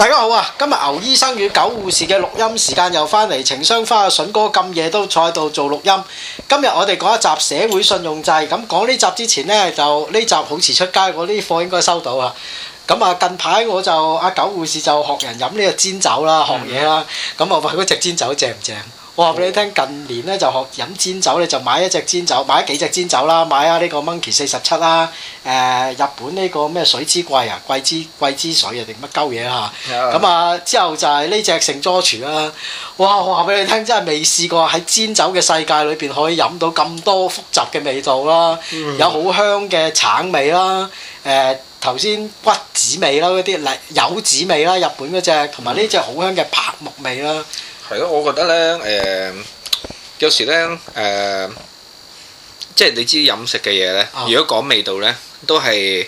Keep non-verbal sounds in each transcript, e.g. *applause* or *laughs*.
大家好啊！今日牛醫生與狗護士嘅錄音時間又返嚟，情商花筍哥咁夜都坐喺度做錄音。今日我哋講一集社會信用制。咁講呢集之前呢，就呢集好遲出街，我啲貨應該收到啊。咁啊，近排我就阿狗護士就學人飲呢個煎酒啦，學嘢啦。咁我話，佢嗰隻煎酒正唔正？我話俾你聽，近年咧就學飲煎酒咧，就買一隻煎酒，買幾隻煎酒啦，買下呢個 Monkey 四十、呃、七啦，誒日本呢個咩水之貴啊，桂枝桂枝水啊定乜鳩嘢嚇？咁啊 Yeah. 之後就係呢隻盛桌廚啦。哇！我話俾你聽，真係未試過喺煎酒嘅世界裏邊可以飲到咁多複雜嘅味道啦，有好香嘅橙味啦，誒頭先骨子味啦，嗰啲柚子味啦，日本嗰隻，同埋呢隻好香嘅柏木味啦。係咯，我覺得咧，誒、呃、有時咧，誒、呃、即係你知飲食嘅嘢咧，啊、如果講味道咧，都係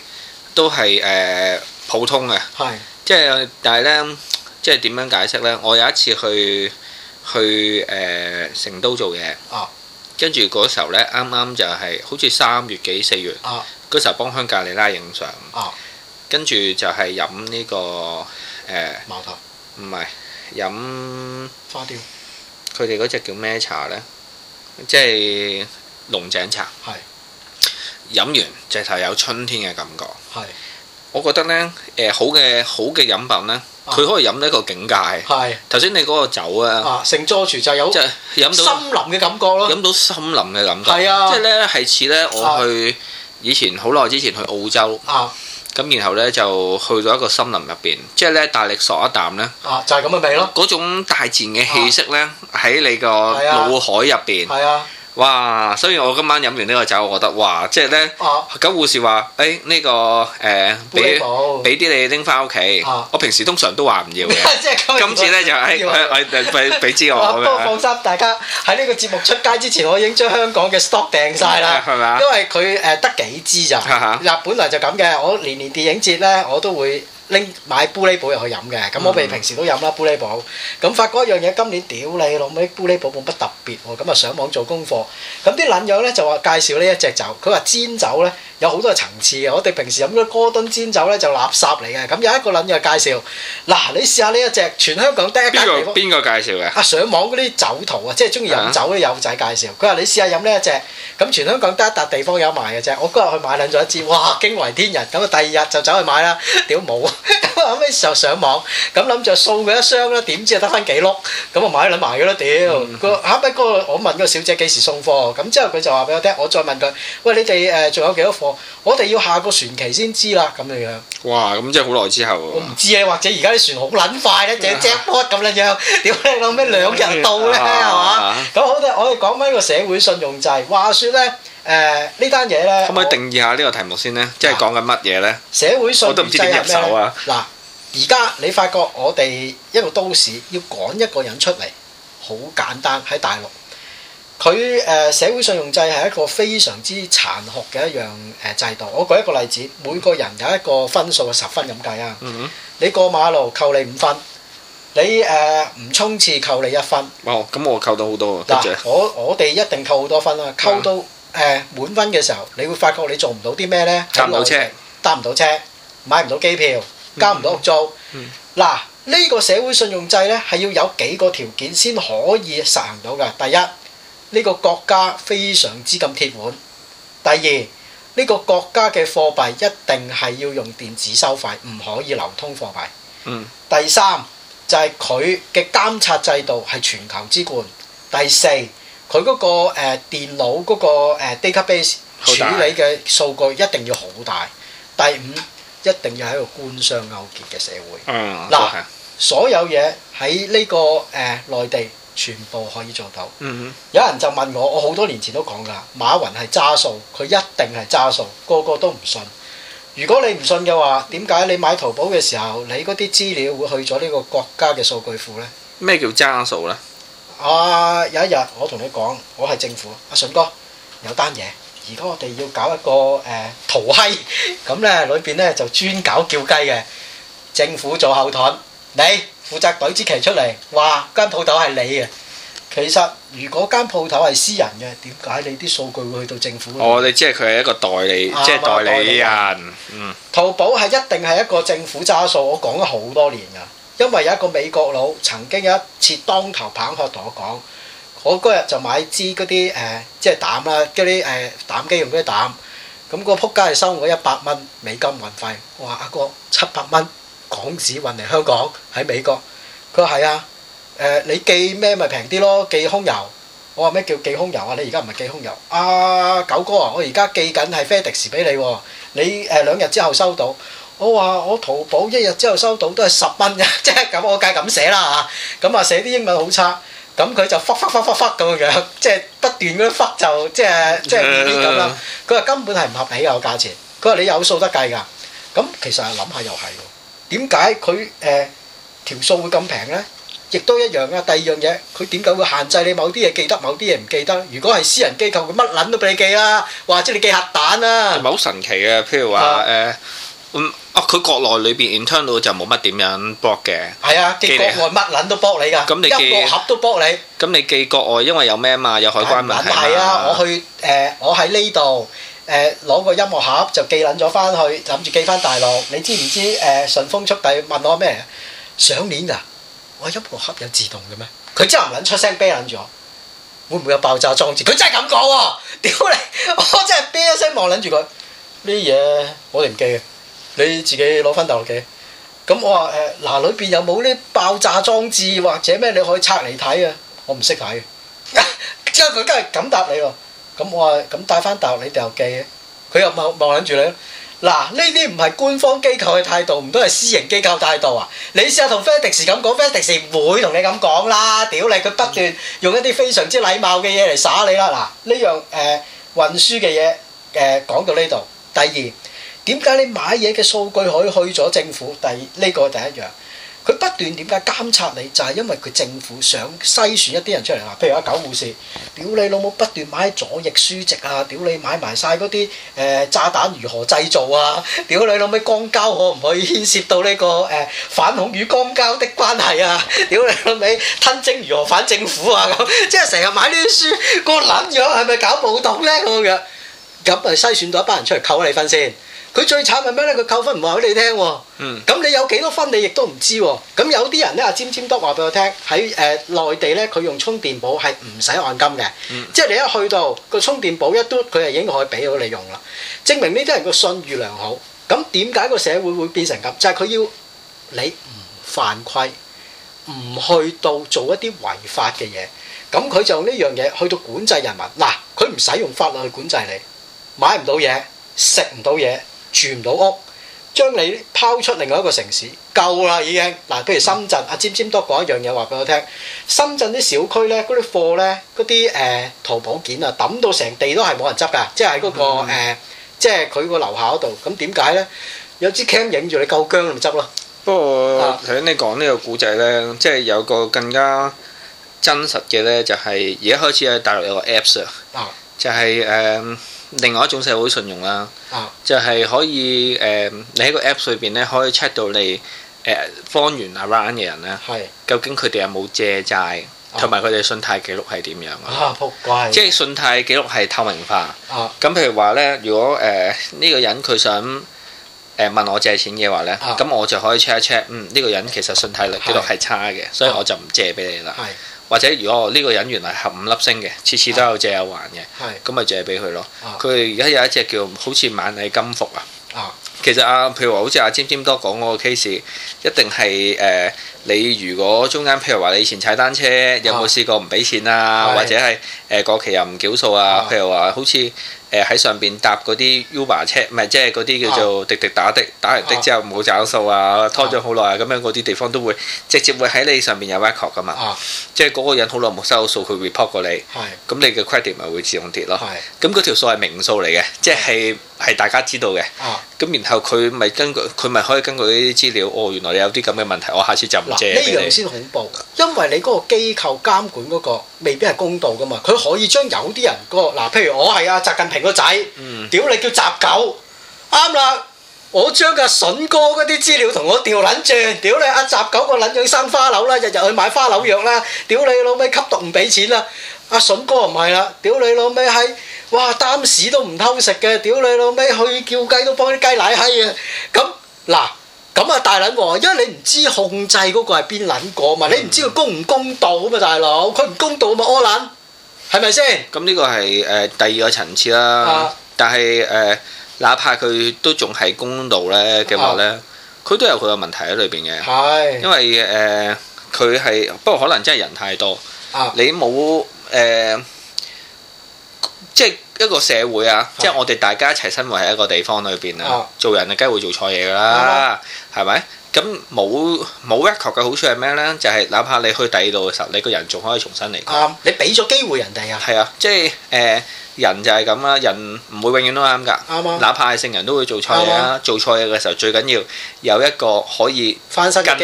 都係誒、呃、普通嘅。係是，即係但係咧，即係點樣解釋咧？我有一次去去誒、呃、成都做嘢，跟住嗰時候咧，啱啱就係、是、好似三月幾四月嗰、啊、時候幫香格里拉影相，跟住、啊、就係飲呢、這個誒，茅台唔係。桃飲花雕，佢哋嗰隻叫咩茶呢？即係龍井茶。係飲是的 完就係有春天嘅感覺。係是的 我覺得呢，誒、呃、好嘅好嘅飲品呢，佢可以飲到一個境界。係頭先你嗰個酒啊，成坐船就有飲到，到森林嘅感覺咯，飲到森林嘅感覺。係啊的，即係呢，係似呢。我去以前好耐之前去澳洲。咁然後咧就去咗一個森林入邊，即係咧大力索一啖咧，啊就係咁嘅味咯，嗰種大自然嘅氣息咧喺你個腦海入邊，係啊。哇！所以我今晚飲完呢個酒，我覺得哇，即係呢。咁護士話，誒呢個誒俾俾啲你拎翻屋企。我平時通常都話唔要嘅，今次呢就誒誒俾支我。不過放心，大家喺呢個節目出街之前，我已經將香港嘅 stock 訂晒啦。係咪呀？因為佢誒得幾支咋？呀，本來就咁嘅。我年年電影節呢，我都會。拎買玻璃寶入去飲嘅，咁我哋平時都飲啦玻璃寶。咁發覺一樣嘢，今年屌你老母玻璃寶冇乜特別喎。咁啊上網做功課，咁啲撚友咧就話介紹呢一隻酒，佢話煎酒咧，有好多層次嘅，我哋平時飲咗哥敦煎酒咧就垃圾嚟嘅。咁有一個諗住介紹，嗱你試下呢一隻全香港得一笪地方。邊個邊個介紹嘅？啊，上網嗰啲酒徒啊，即係中意飲酒嗰啲友仔介紹。佢話、啊、你試下飲呢一隻，咁全香港得一笪地方有賣嘅啫。我嗰日去買兩咗一支，哇驚為天人！咁啊第二日就走去買啦，屌冇啊！後屘時候上網咁諗著送佢一箱啦，點知得翻幾碌？咁啊買一兩埋嘅啦，屌！個、嗯、後屘嗰個我問個小姐幾時送貨，咁之後佢就話俾我聽，我再問佢，喂你哋誒仲有幾多貨？我哋要下個船期先知啦，咁樣樣。哇！咁即係好耐之後喎。我唔知啊，或者而家啲船好撚快咧，隻隻 boat 咁樣，屌你老咩兩日到咧，係嘛 *laughs* 吧？咁好啦，我哋講翻個社會信用制。話説咧，誒、呃、呢單嘢咧，可唔可以定義下呢個題目先咧？啊、即係講緊乜嘢咧？社會信用制，我都唔知點入手啊？嗱，而家你發覺我哋一個都市要趕一個人出嚟，好簡單喺大陸。佢誒、呃、社會信用制係一個非常之殘酷嘅一樣誒、呃、制度。我舉一個例子，每個人有一個分數，mm hmm. 十分咁計啊。Mm hmm. 你過馬路扣你五分，你誒唔衝刺扣你一分。哦，咁我扣到好多啊！嗱，我我哋一定扣好多分啊。扣到誒、mm hmm. 呃、滿分嘅時候，你會發覺你做唔到啲咩呢？搭唔到車，搭唔到車，買唔到機票，交唔到屋租。嗱、mm，呢、hmm. 嗯呢個社會信用制呢，係要有幾個條件先可以實行到㗎。第一。第一呢個國家非常之咁鐵腕。第二，呢個國家嘅貨幣一定係要用電子收費，唔可以流通貨幣。嗯。第三就係佢嘅監察制度係全球之冠。第四，佢嗰個誒電腦嗰個誒 database 處理嘅數據一定要好大。第五，一定要喺個官商勾結嘅社會。嗱，所有嘢喺呢個誒內地。全部可以做到。有人就問我，我好多年前都講㗎，馬雲係渣數，佢一定係渣數，個個都唔信。如果你唔信嘅話，點解你買淘寶嘅時候，你嗰啲資料會去咗呢個國家嘅數據庫呢？咩叫渣數呢？啊，有一日我同你講，我係政府，阿、啊、順哥有單嘢，如果我哋要搞一個誒淘閪，咁、呃、呢，裏邊呢就專搞叫雞嘅，政府做後盾。你負責隊支旗出嚟，話間鋪頭係你嘅。其實如果間鋪頭係私人嘅，點解你啲數據會去到政府？我哋即係佢係一個代理，即係、啊、代理人。代理人嗯，淘寶係一定係一個政府揸數，我講咗好多年㗎。因為有一個美國佬曾經有一次當頭棒喝同我講：我嗰日就買支嗰啲誒，即係膽啦，嗰啲誒膽機用嗰啲、那個、膽。咁個撲街係收我一百蚊美金運費，我話阿哥七百蚊，港紙運嚟香港喺美國，佢話係啊，誒、呃、你寄咩咪平啲咯？寄空郵，我話咩叫寄空郵啊？你而家唔係寄空郵啊，九哥啊，我而家寄緊係 FedEx 俾你喎，你、呃、誒兩日之後收到。我話我淘寶一日之後收到都係十蚊啫、 *laughs* 啊，即係咁 Yeah.，我梗係咁寫啦嚇，咁啊寫啲英文好差，咁佢就忽忽忽忽忽咁樣，即係不斷嗰忽就即係即係咁樣。佢話根本係唔合理啊個價錢，佢話你有數得計㗎，咁其實諗下又係喎。點解佢誒條數會咁平咧？亦都一樣啦。第二樣嘢，佢點解會限制你某啲嘢記得，某啲嘢唔記得？如果係私人機構，佢乜撚都俾你寄啦，或者你寄核彈啦。係咪好神奇嘅，譬如話誒，嗯啊，佢國內裏邊 internal 就冇乜點樣博嘅。係啊，寄國外乜撚都博你㗎，一個盒都博你。咁你寄國外，因為有咩啊嘛？有海關問題啊嘛。係啊，我去誒，我喺呢度。誒攞個音樂盒就寄撚咗翻去，諗住寄翻大陸。你知唔知誒、呃、順風速遞問我咩？上年啊，我音樂盒有自動嘅咩？佢真係唔撚出聲啤撚住我，會唔會有爆炸裝置？佢真係咁講喎！屌你，我真係啤一聲望撚住佢。呢嘢我哋唔寄嘅，你自己攞翻大陸寄。咁我話誒嗱，裏、呃、邊有冇啲爆炸裝置或者咩？你可以拆嚟睇啊！我唔識睇，之後佢梗係咁答你喎。咁、嗯、我咁帶翻頭，你掉記咧，佢又望望緊住你嗱，呢啲唔係官方機構嘅態度，唔都係私營機構態度啊！你試下同 Freddy 時咁講，Freddy 唔會同你咁講啦。屌你，佢不斷用一啲非常之禮貌嘅嘢嚟耍你啦。嗱，呢樣誒運輸嘅嘢誒講到呢度。第二，點解你買嘢嘅數據可以去咗政府？第呢、這個第一樣。佢不斷點解監察你？就係、是、因為佢政府想篩選一啲人出嚟啦。譬如一九護士，屌你老母不斷買左翼書籍啊！屌你買埋晒嗰啲誒炸彈如何製造啊？屌你老味光交可唔可以牽涉到呢、這個誒、呃、反恐與光交的關係啊？屌你老味吞精如何反政府啊？咁 *laughs* 即係成日買呢啲書，個撚樣係咪搞暴動呢？咁樣咁嚟篩選咗一班人出嚟扣你分先。佢最慘係咩咧？佢扣分唔話俾你聽、哦，咁、嗯、你有幾多分你亦都唔知、哦。咁有啲人咧，阿尖尖多話俾我聽，喺誒內地咧，佢用充電寶係唔使按金嘅，嗯、即係你一去到個充電寶一嘟，佢係已經可以俾到你用啦。證明呢啲人個信譽良好。咁點解個社會會變成咁？就係、是、佢要你唔犯規，唔去到做一啲違法嘅嘢。咁佢就用呢樣嘢去到管制人民。嗱，佢唔使用法律去管制你，買唔到嘢，食唔到嘢。住唔到屋，將你拋出另外一個城市，夠啦已經。嗱，譬如深圳，阿、嗯啊、尖尖多講一樣嘢話俾我聽。深圳啲小區咧，嗰啲貨咧，嗰啲誒淘寶件啊，抌到成地都係冇人執㗎，即係嗰、那個誒、嗯呃，即係佢個樓下嗰度。咁點解咧？有支 cam 影住你，夠僵咪執咯。不過喺、啊、你講呢個古仔咧，即、就、係、是、有個更加真實嘅咧，就係而家開始喺大陸有個 apps、就是、 啊，就係誒。另外一種社會信用啦，啊、就係可以誒、呃，你喺個 App 裏邊咧可以 check 到你誒、呃、方圓 around 嘅人咧，是究竟佢哋有冇借債，同埋佢哋信貸記錄係點樣啊？即係信貸記錄係透明化。咁、啊、譬如話咧，如果誒呢、呃呢個人佢想誒問我借錢嘅話咧，咁、啊、我就可以 check 一 check，嗯呢、呢個人其實信貸記錄係差嘅，是所以我就唔借俾你啦。是或者如果呢個人原來係合五粒星嘅，次次都有借有還嘅，咁咪、啊、借俾佢咯。佢而家有一隻叫好似螞蟻金服啊。啊其實啊，譬如話，好似阿尖尖多講嗰個 case，一定係誒、呃、你如果中間譬如話你以前踩單車有冇試過唔俾錢啊，啊或者係誒、呃、過期又唔繳數啊，啊啊譬如話好似。誒喺上邊搭嗰啲 Uber 車，唔係即係嗰啲叫做滴滴打的，打完的之後唔好找數啊，拖咗好耐啊，咁樣嗰啲地方都會直接會喺你上邊有 record 噶嘛，啊、即係嗰個人好耐冇收到數，佢 report 過你，咁是 你嘅 credit 咪會自動跌咯。咁嗰條數係名數嚟嘅，即係係大家知道嘅。咁是、啊、然後佢咪根據佢咪可以根據呢啲資料，哦原來你有啲咁嘅問題，我下次就唔借你。呢樣先恐怖，因為你嗰個機構監管嗰、那個。未必係公道噶嘛，佢可以將有啲人個嗱，譬如我係啊，習近平個仔，屌你、嗯、叫雜狗，啱啦！我將阿、啊、筍哥嗰啲資料同我掉撚醬，屌你阿雜狗個撚醬生花柳啦，日日去買花柳藥啦，屌你老味吸毒唔俾錢啦，阿、啊、筍哥唔係啦，屌你老味係，哇擔屎都唔偷食嘅，屌你老味去叫雞都幫啲雞奶閪啊，咁嗱。咁啊大捻㗎、啊，因為你唔知控制嗰個係邊捻個嘛，你唔知佢公唔公道啊嘛，大佬佢唔公道啊嘛，柯撚係咪先？咁呢個係誒第二個層次啦，啊、但係誒、呃、哪怕佢都仲係公道咧嘅話咧，佢、啊、都有佢嘅問題喺裏邊嘅，啊、因為誒佢係不過可能真係人太多，啊、你冇誒。呃即係一個社會啊！啊，即係我哋大家一齊生活喺一個地方裏邊啊，啊做人做啊，梗會做錯嘢噶啦，係咪？咁冇冇 Echo 嘅好處係咩呢？就係哪怕你去第二度嘅時候，你個人仲可以重新嚟過。啱、啊，你俾咗機會人哋啊。係啊，即係人就係咁啦，人唔會永遠都啱㗎，吧哪怕係聖人都會做錯嘢啦。吧做錯嘢嘅時候，最緊要有一個可以翻身嘅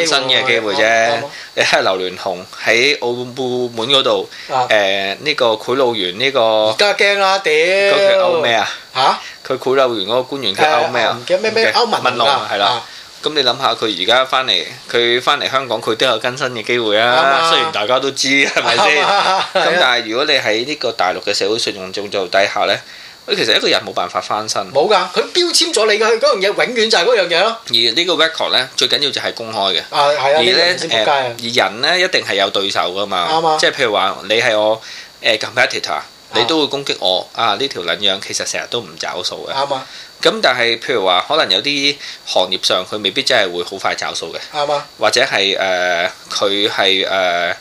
機會啫。會吧你睇劉鑾雄喺澳門嗰度，誒呢吧、呃這個賄賂員呢、這個，而家驚啦屌！佢歐咩啊？嚇？佢賄賂員嗰個官員叫歐咩啊？叫咩咩歐文，歐文龍啊？係啦。咁你諗下佢而家翻嚟，佢翻嚟香港佢都有更新嘅機會啊、嗯！雖然大家都知，係咪先？咁、嗯、 *laughs* 但係如果你喺呢個大陸嘅社會信用制度底下呢，其實一個人冇辦法翻身。冇噶，佢標籤咗你嘅，佢嗰樣嘢永遠就係嗰樣嘢咯。而呢個 record 呢，最緊要就係公開嘅。啊啊、而呢人而人呢，一定係有對手噶嘛。嗯、即係譬如話，你係我誒 competitor。嗯嗯。你都會攻擊我啊！呢條撚樣其實成日都唔找數嘅。啱咁嗎但係譬如話，可能有啲行業上佢未必真係會好快找數嘅。啱嗎或者係誒，佢係誒，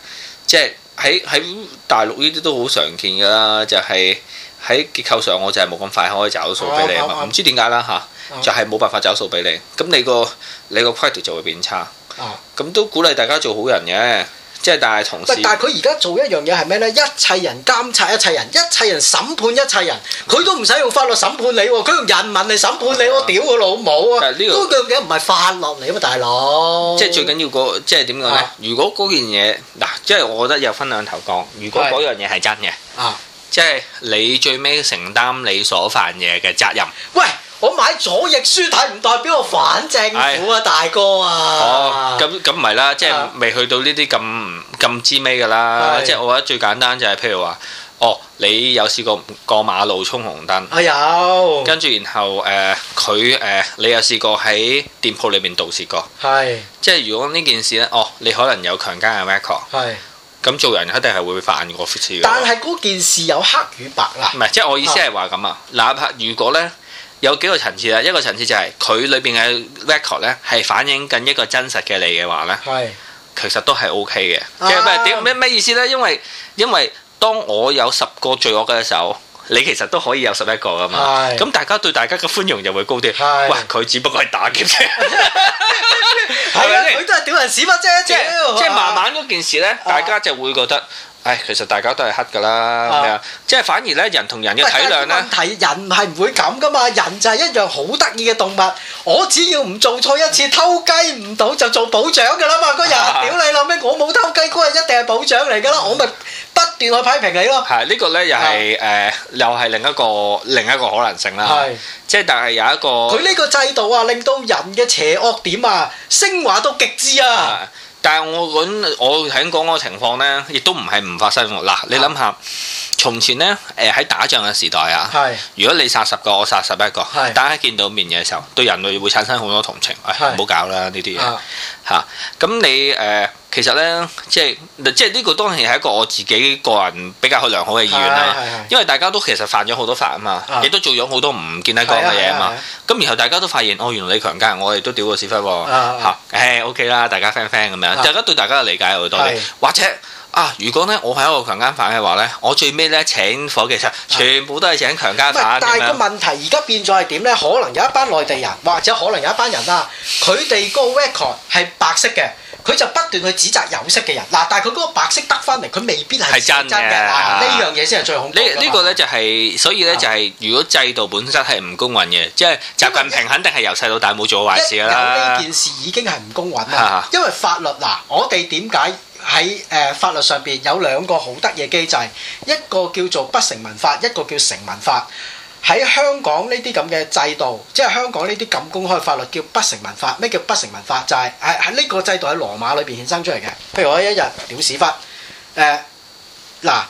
即係喺喺大陸呢啲都好常見㗎啦，就係、是、喺結構上我就係冇咁快可以找數俾你嗎啊嘛。唔知點解啦吓，就係冇辦法找數俾你。咁你個你個 quality 就會變差。哦嗎。咁都鼓勵大家做好人嘅。即係，但係同時。但係佢而家做一樣嘢係咩呢？一切人監察一切人，一切人審判一切人，佢都唔使用，用法律審判你，佢用人民嚟審判你，啊、我屌我、啊、老母啊！呢、呢個都究竟唔係法律嚟啊嘛，大佬。即係最緊要個，即係點講呢？啊、如果嗰件嘢嗱，即、啊、係、即係、我覺得有分兩頭講。如果嗰樣嘢係真嘅，啊，即係你最尾承擔你所犯嘢嘅責任。喂！我買左翼書睇唔代表我反政府啊，大哥啊！哦，咁咁唔係啦，即係未去到呢啲咁咁之尾㗎啦。即係我覺得最簡單就係譬如話，哦，你有試過過馬路衝紅燈？我有。跟住然後誒，佢誒，你有試過喺店鋪裏面盜竊過？係。即係如果呢件事咧，哦，你可能有強姦嘅 record。係。咁做人一定係會犯過錯事嘅。但係嗰件事有黑與白啦。唔係，即係我意思係話咁啊！哪怕如果咧。有幾個層次啦，一個層次就係佢裏邊嘅 record 咧，係反映緊一個真實嘅你嘅話咧，其實都係 OK 嘅。即係咩？屌咩咩意思咧？因為因為當我有十個罪惡嘅時候，你其實都可以有十一個噶嘛。咁大家對大家嘅寬容就會高啲。哇！佢只不過係打劫啫，係咪先？佢都係屌人屎忽啫。即係即係慢慢嗰件事咧，大家就會覺得。唉，其實大家都係黑噶啦，咩啊？即係反而咧，人同人嘅體諒咧。問題人係唔會咁噶嘛，人就係一樣好得意嘅動物。我只要唔做錯一次、嗯、偷雞唔到，就做保獎噶啦嘛。嗰日，屌你諗咩？我冇偷雞，嗰日一定係保獎嚟噶啦，嗯、我咪不斷去批評你咯。係、啊、呢個咧、啊呃，又係誒，又係另一個另一個可能性啦。係是，即係但係有一個佢呢個制度啊，令到人嘅邪惡點啊，升華到極致啊！啊啊但係我我喺講個情況呢，亦都唔係唔發生。嗱，你諗下，從前呢，誒、呃、喺打仗嘅時代啊，是如果你殺十個，我殺十一個，是大家見到面嘅時候，對人類會產生好多同情。唉、哎，唔好是搞啦呢啲嘢嚇。咁是你誒。呃其實咧，即係即係呢個當然係一個我自己個人比較良好嘅意願啦。因為大家都其實犯咗好多法啊嘛，亦都做咗好多唔見得光嘅嘢啊嘛。咁然後大家都發現，哦，原來你強姦我，亦都屌個屎忽喎嚇。誒 OK 啦，大家 friend friend 咁樣，大家對大家嘅理解好多啲。或者啊，如果呢，我係一個強奸犯嘅話咧，我最尾咧請夥計，其實全部都係請強奸犯。但係個問題而家變咗係點咧？可能有一班內地人，或者可能有一班人啦，佢哋個 record 係白色嘅。佢就不斷去指責有色嘅人，嗱，但係佢嗰個白色得返嚟，佢未必係真嘅，呢樣嘢先係最恐怖。呢呢個咧就係，所以咧就係，如果制度本身係唔公允嘅，即係習近平肯定係由細到大冇做壞事㗎啦。有呢件事已經係唔公允啦，因為法律嗱，我哋點解喺誒法律上邊有兩個好得嘢機制，一個叫做不成文法，一個叫成文法。喺香港呢啲咁嘅制度，即係香港呢啲咁公開法律叫不成文法。咩叫不成文法？就係喺呢個制度喺羅馬裏邊衍生出嚟嘅。譬如我一日屌屎忽，誒嗱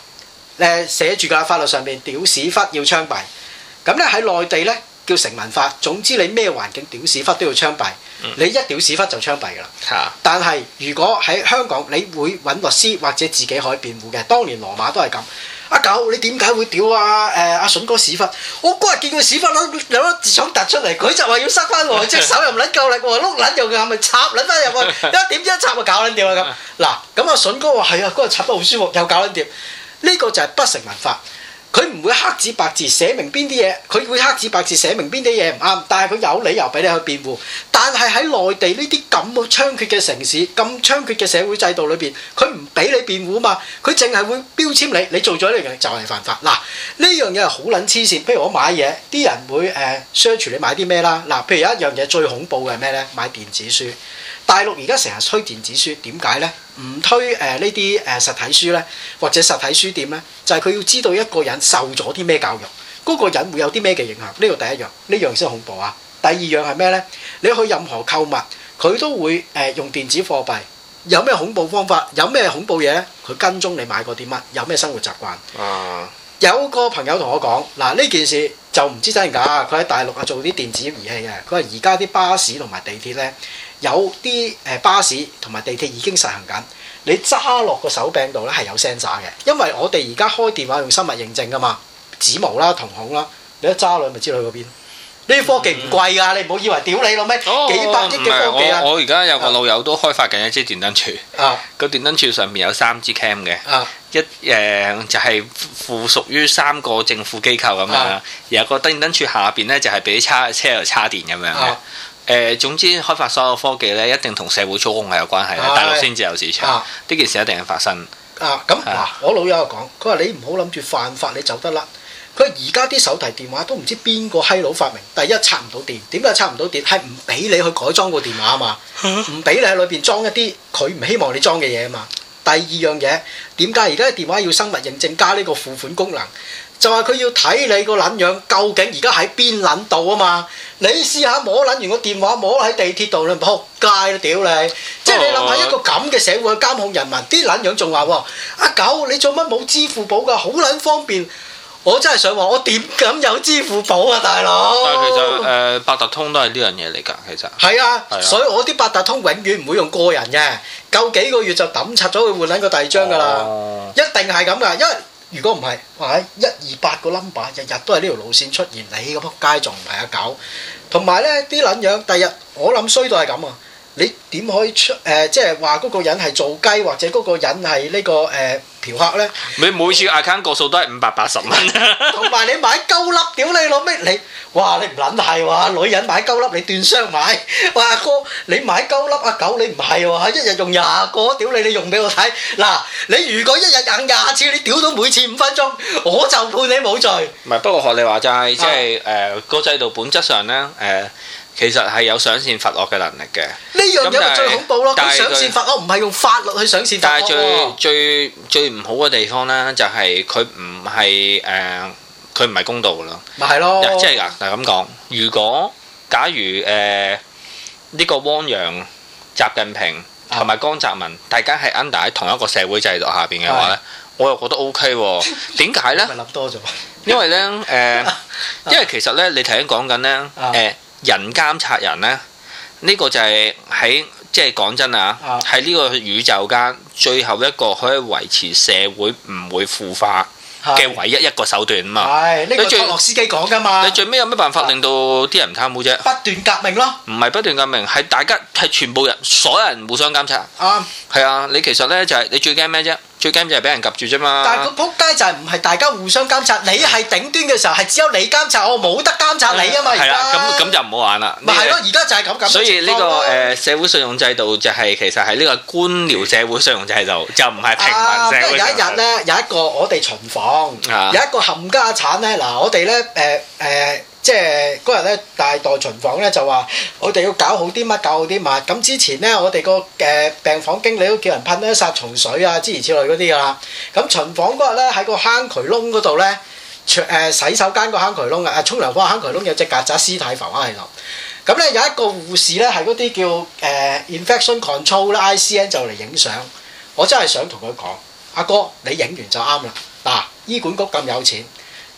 誒寫住㗎法律上面屌屎忽要槍斃。咁咧喺內地咧叫成文法。總之你咩環境屌屎忽都要槍斃，你一屌屎忽就槍斃㗎啦。但係如果喺香港，你會揾律師或者自己可以辯護嘅。當年羅馬都係咁。阿狗、啊，你點解會屌啊？誒、啊、阿筍哥屎忽，我嗰日見佢屎忽攞兩粒痔瘡突出嚟，佢就話要塞翻喎，隻手又唔撚夠力喎，碌撚又咁咪插撚得入去， *laughs* 一點一插就搞撚掂啦咁。嗱，咁、啊、阿、嗯啊、筍哥話係啊，嗰日插得好舒服，又搞撚掂，呢、這個就係不成文法。佢唔會黑字白字寫明邊啲嘢，佢會黑字白字寫明邊啲嘢唔啱，但係佢有理由俾你去辯護。但係喺內地呢啲咁㞗猖獗嘅城市，咁猖獗嘅社會制度裏邊，佢唔俾你辯護嘛，佢淨係會標籤你，你做咗呢樣就係犯法。嗱，呢樣嘢係好撚黐線。譬如我買嘢，啲人會誒 search 你買啲咩啦。嗱，譬如有一樣嘢最恐怖嘅係咩咧？買電子書。大陸而家成日推電子書，點解咧？唔推誒呢啲誒實體書咧，或者實體書店咧，就係、是、佢要知道一個人受咗啲咩教育，嗰、那個人會有啲咩嘅影響。呢個第一樣，呢樣先恐怖啊！第二樣係咩咧？你去任何購物，佢都會誒、呃、用電子貨幣。有咩恐怖方法？有咩恐怖嘢？佢跟蹤你買過啲乜？有咩生活習慣？啊！有個朋友同我講，嗱呢件事就唔知真係假。佢喺大陸啊做啲電子儀器啊。佢話而家啲巴士同埋地鐵咧。有啲巴士同埋地鐵已經實行緊，你揸落個手柄度呢，係有 sensor 嘅，因為我哋而家開電話用生物認證噶嘛，指模啦、瞳孔啦，你一揸落咪知去邊？呢啲科技唔貴啊，你唔好以為屌你老咩？幾百億嘅科技啊！我，而家有個老友都開發緊一支電燈柱啊！個電燈柱上面有三支 cam 嘅一誒就係附屬於三個政府機構咁樣，然後個電燈柱下邊呢就係俾叉車又叉電咁樣誒，總之開發所有科技咧，一定同社會操控係有關係、啊、大陸先至有市場，呢、啊、件事一定係發生。啊，咁嗱，啊啊、我老友又講，佢話你唔好諗住犯法，你走得甩。佢而家啲手提電話都唔知邊個閪佬發明，第一拆唔到電，點解拆唔到電？係唔俾你去改裝個電話啊嘛，唔俾、嗯、你喺裏邊裝一啲佢唔希望你裝嘅嘢啊嘛。第二樣嘢，點解而家電話要生物認證加呢個付款功能？就話佢要睇你個撚樣究竟而家喺邊撚度啊嘛！你試下摸撚完個電話摸喺地鐵度咧，你仆街啦屌你！即係你諗下一個咁嘅社會去監控人民，啲撚樣仲話喎？阿狗你做乜冇支付寶㗎？好撚方便！我真係想話我點敢有支付寶啊，大佬！但係其實誒，八達通都係呢樣嘢嚟㗎，其實係啊，所以我啲八達通永遠唔會用個人嘅，夠幾個月就抌拆咗佢換緊個第二張㗎啦，一定係咁㗎，因為。如果唔係，話一二八個 number，日日都係呢條路線出現，你個撲街仲唔係阿狗，同埋咧啲撚樣，第日我諗衰到係咁啊！你點可以出誒？即係話嗰個人係做雞，或者嗰個人係呢個誒嫖客咧？你每次 account 個數都係五百八十蚊，同埋你買鳩笠，屌你攞咩？你哇！你唔撚係喎，女人買鳩笠，你斷傷買。哇！哥，你買鳩笠啊狗，你唔係喎，一日用廿個，屌你！你用俾我睇嗱。你如果一日硬廿次，你屌到每次五分鐘，我就判你冇罪。唔係，不過學你話齋，即係誒個制度本質上咧誒。其實係有上線發落嘅能力嘅，呢樣嘢最恐怖咯。佢上線發落唔係用法律去上線發落。但係最最最唔好嘅地方咧，就係佢唔係誒，佢唔係公道噶咯。咪係咯，即係嗱，就咁講。如果假如誒呢個汪洋、習近平同埋江澤民，大家係 under 喺同一個社會制度下邊嘅話咧，我又覺得 OK。點解咧？咪諗多咗。因為咧誒，因為其實咧，你頭先講緊咧誒。人監察人咧，呢個就係喺即係講真啊，喺呢個宇宙間最後一個可以維持社會唔會腐化嘅唯一一個手段啊嘛，係呢個最叻司機講嘅嘛。你最尾最有咩辦法令到啲人貪污啫？不斷革命咯，唔係不，不斷革命，係大家係全部人所有人互相監察。啱、嗯，係啊，你其實咧就係、是、你最驚咩啫？最驚就係俾人夾住啫嘛。但係個仆街就係唔係大家互相監察，你係頂端嘅時候係只有你監察，我冇得監察你啊嘛而家。係啊，咁咁就唔好玩啦。咪係咯，而家就係咁咁。所以呢、這個誒、呃、社會信用制度就係、是、其實係呢個官僚社會信用制度，就唔係平民社會。啊，有一日咧有一個我哋巡訪。有一個冚家產咧，嗱，我哋咧誒誒，即係嗰日咧大袋巡房咧就話，我哋要搞好啲乜，搞好啲物。咁之前咧，我哋個誒病房經理都叫人噴一殺蟲水啊，諸如此類嗰啲㗎喇。咁巡房嗰日咧喺個坑渠窿嗰度咧，誒洗手間個坑渠窿啊，沖涼房坑渠窿有隻曱甴屍體浮喺度。咁咧有一個護士咧係嗰啲叫誒 Infection Control 啦，ICN 就嚟影相。我真係想同佢講，阿哥你影完就啱啦嗱。醫管局咁有錢，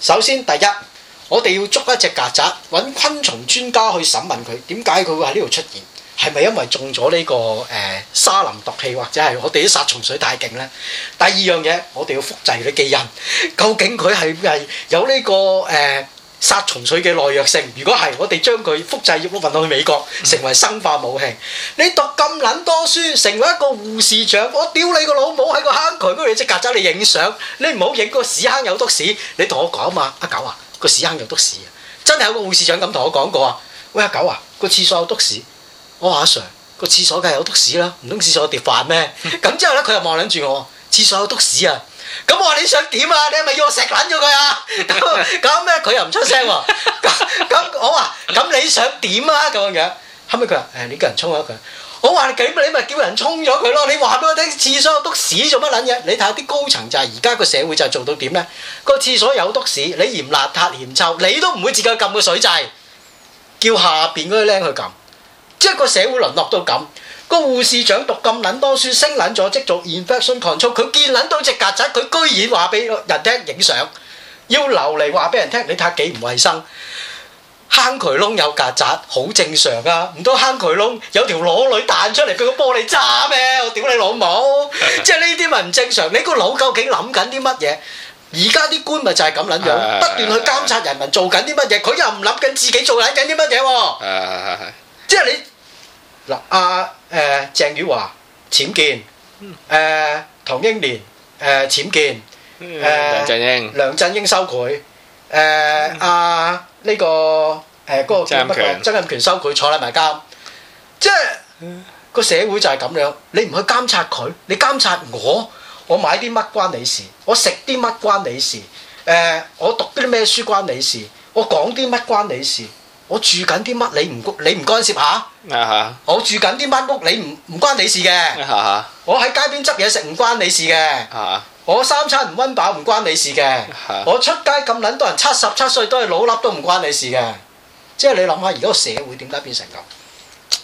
首先第一，我哋要捉一隻曱甴，揾昆蟲專家去審問佢，點解佢會喺呢度出現？係咪因為中咗呢、呢個誒、呃、沙林毒氣，或者係我哋啲殺蟲水太勁呢？第二樣嘢，我哋要複製佢嘅基因，究竟佢係唔係有呢、呢個誒？呃殺蟲水嘅耐藥性，如果係我哋將佢複製業，運到去美國，成為生化武器。你讀咁撚多書，成為一個護士長，我屌你個老母喺個坑渠嗰度即曱甴嚟影相，你唔好影個屎坑有督屎，你同我講啊嘛，阿、啊、狗啊，個屎坑有督屎啊，真係有個護士長咁同我講過啊，喂阿狗啊，個廁所有督屎，我話阿、啊、Sir，個廁所梗係有督屎啦，唔通廁所有碟飯咩？咁、嗯、之後呢，佢又望緊住我，廁所有督屎啊！咁我話你想點啊？你係咪要我食撚咗佢啊？咁咩佢又唔出聲喎？咁我話咁你想點啊？咁樣樣，後尾佢話誒，你叫人沖咗佢。我話咁你咪叫人沖咗佢咯。你話俾我聽，廁所篤屎做乜撚嘢？你睇下啲高層就係而家個社會就係做到點呢？個廁所有篤屎，你嫌邋遢嫌臭，你都唔會自己去撳個水掣，叫下邊嗰啲僆去撳。即係個社會淪落到咁。個護士長讀咁撚多書，升撚咗即做 infection control。佢見撚到隻曱甴，佢居然話俾人聽影相，要留嚟話俾人聽。你睇幾唔衞生？坑渠窿有曱甴，好正常啊。唔通坑渠窿有條裸女彈出嚟，佢個玻璃渣咩？我屌你老母！即係呢啲咪唔正常？你個腦究竟諗緊啲乜嘢？而家啲官咪就係咁撚樣，不斷去監察人民做緊啲乜嘢，佢又唔諗緊自己做緊啲乜嘢喎？係係係。即係你。嗱，阿誒鄭汝樺、僭建、誒唐英年、誒僭建、誒梁振英、梁振英收佢，誒阿呢個誒嗰個曾蔭權收佢坐喺埋監，即係個社會就係咁樣。你唔去監察佢，你監察我，我買啲乜關你事？我食啲乜關你事？誒，我讀啲咩書關你事？我講啲乜關你事？我住緊啲乜你唔你唔干涉嚇？我住緊啲班屋，你唔唔關你事嘅。我喺街邊執嘢食唔關你事嘅。我三餐唔溫飽唔關你事嘅。我出街咁捻多人七十七歲都係老粒，都唔關你事嘅。即係你諗下，而家個社會點解變成咁？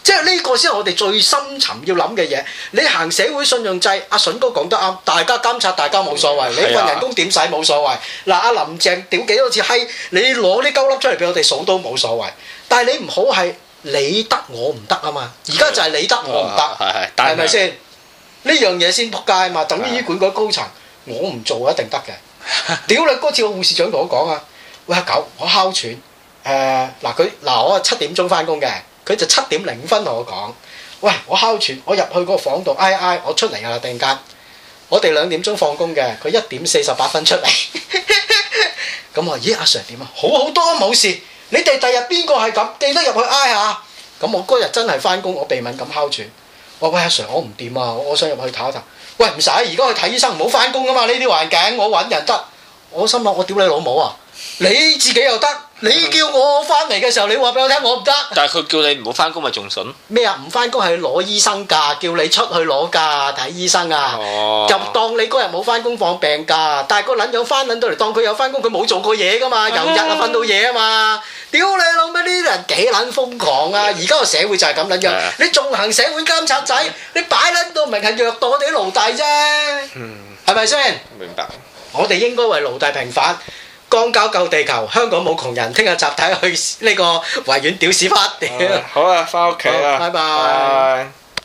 即係呢個先係我哋最深層要諗嘅嘢。你行社會信用制，阿笋哥講得啱，大家監察大家冇所謂。你問人工點使冇所謂。嗱，阿林鄭屌幾多次閪，你攞啲鳩粒出嚟俾我哋數都冇所謂。但係你唔好係。你得我唔得啊嘛，而家就係你得我唔得，係咪先？呢樣嘢先仆街啊嘛，等於醫院管嗰高層，我唔做一定得嘅。屌你，嗰次個護士長同我講啊，喂阿狗，我哮喘。誒，嗱佢嗱我係七點鐘翻工嘅，佢就七點零分同我講，喂我哮喘，我入去嗰房度，哎哎，我出嚟啊喇，突然間，我哋兩點鐘放工嘅，佢一點四十八分出嚟。咁我話，咦阿 Sir 點啊？好好多冇事。你哋第日邊個係咁？記得入去嗌下。咁我嗰日真係翻工，我鼻敏感哮喘。我話喂阿 Sir，我唔掂啊！我想入去唞一唞！」「喂，唔使，如果去睇醫生唔好翻工啊嘛。呢啲環境我揾人得。我心諗我屌你老母啊！你自己又得，你叫我翻嚟嘅時候，你話俾我聽，我唔得。但係佢叫你唔好翻工，咪仲筍？咩啊？唔翻工係攞醫生㗎，叫你出去攞㗎，睇醫生啊！哦、就當你嗰日冇翻工放病假。但係個撚樣翻撚到嚟，當佢有翻工，佢冇做過嘢㗎嘛？有日啊，瞓到夜啊嘛～屌你老味！呢啲人幾撚瘋狂啊！而家個社會就係咁撚樣。你仲行社會監察仔，你擺撚到明係虐待我哋啲奴隸啫。嗯，係咪先？明白。我哋應該為奴隸平反，光交救地球。香港冇窮人，聽日集體去呢個維園屌屎忽。屌！好啦，翻屋企啦，拜拜。